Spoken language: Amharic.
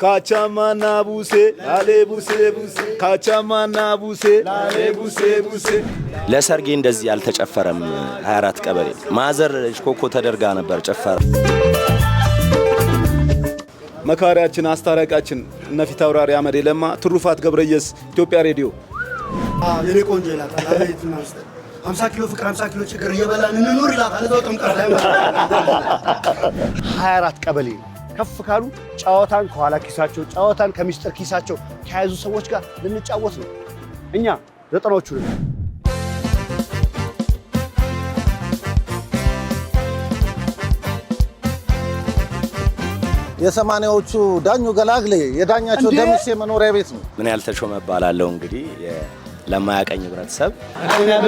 Kachamana buse, lale buse buse, kachamana buse, lale buse buse ለሰርጌ እንደዚህ አልተጨፈረም። 24 ቀበሌ ማዘር ኮኮ ተደርጋ ነበር ጨፈረ። መካሪያችን አስታራቂያችን እነ ፊት አውራሪ አመዴ ለማ፣ ትሩፋት ገብረየስ፣ ኢትዮጵያ ሬዲዮ የኔ ቆንጆ ይላታል። አቤት ኪሎ ፍቅር 50 ኪሎ ችግር እየበላን እንኑር ይላታል። ዘወጥም ቀር 24 ቀበሌ ከፍ ካሉ ጨዋታን ከኋላ ኪሳቸው ጨዋታን ከሚስጥር ኪሳቸው ከያዙ ሰዎች ጋር ልንጫወት ነው። እኛ ዘጠናዎቹ ነው። የሰማንያዎቹ ዳኙ ገላግሌ የዳኛቸው ደምሴ መኖሪያ ቤት ነው። ምን ያህል ተሾመ እባላለሁ እንግዲህ ለማያቀኝ ህብረተሰብ አበባ